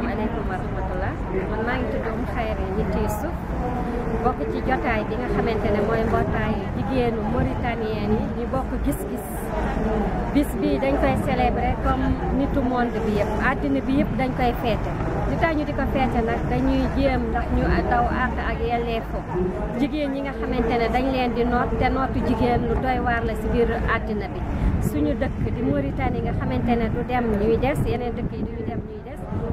asalaamaaleykum wa rahmatullah man maa ngi tudd Oumou Khayri Nitte Youssouf bokk ci jotaay bi nga xamante ne mooy mbootaayu jigéenu Mauritanienne yi bokk gis-gis bii dañ koy célébrer comme nitu monde bi yëpp àddina bi yëpp dañ koy feete li tax ñu di ko feete nag dañuy jéem ndax ñu daw àq ak yelleefu jigéen ñi nga xamante ne dañ leen di noot te nootu jigéen lu doy waar la si ngir àddina bi suñu dëkk di Mauritanie nga xamante ne du dem ñuy des yeneen dëkk yi duñu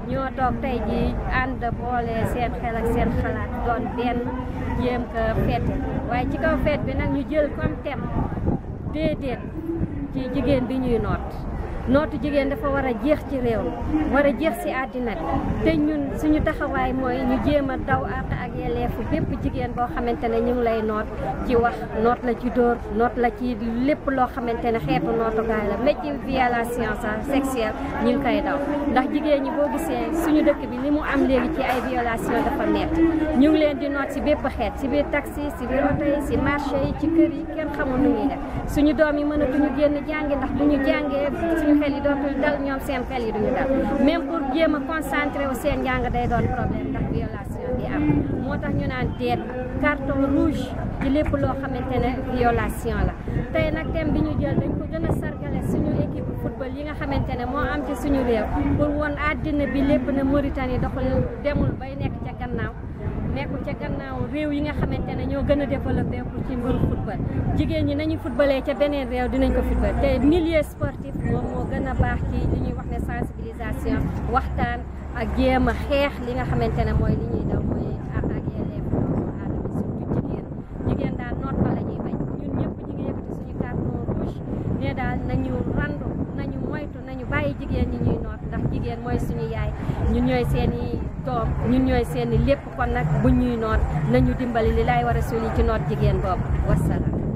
ñoo toog tey jii ànd boole seen xel ak seen xalaat doon benn jéem ko fête waaye ci kaw fête bi nag ñu jël comme thème déedéet ci jigéen bi ñuy noot nootu jigéen dafa war a jeex ci réew mi war a jeex si àddina bi te ñun suñu taxawaay mooy ñu jéem a daw àq ak yelleefu bépp jigéen boo xamante ne ñu ngi lay noot ci wax noot la ci dóor noot la ci lépp loo xamante ne xeetu nootukaay la mais ci violation sexuelle ñu ngi koy daw ndax jigéen ñi boo suñu dëkk bi li mu am léegi ci ay violation dafa ñu ngi leen di noot si bépp xeet si biir taxi si biir oto yi si marché yi ci kër yi kenn xamul nu ñuy suñu doom yi mënatuñu génn jàngi ndax duñu jàngee seen xel yi dootul dal ñoom seen xel yi duñu dal même pour jéem a concentré wu seen njàng day doon problème ndax violation bi am moo tax ñu naan déet carton rouge ci lépp loo xamante ne violation la tey nag thème bi ñu jël dañ ko gën a sargale suñu équipe football yi nga xamante ne moo am ci suñu réew pour woon àddina bi lépp na Mauritanie doxul demul bay nekk ca gannaaw nekkul ca gannaaw réew yi nga xamante ne ñoo gën a développé pour ci mbiru football jigéen ñi nañu footballee ca beneen réew dinañ ko football te milieu sportif moom moo gën a baax ci li ñuy wax ne sensibilisation waxtaan ak jéem a xeex li nga xamante ne mooy li ñuy daw mooy ak ak élève doomu aadama surtout jigéen jigéen daal noot ba la bañ ñun ñëpp ñu ngi yëkkati suñu carton rouge ne daal nañu randu nañu moytu nañu bàyyi jigéen ñi ñuy noot ndax jigéen mooy doom ñun ñooy seeni lépp kon nag bu ñuy noot nañu dimbali li laay war a soli ci noot jigéen boobu wasalaam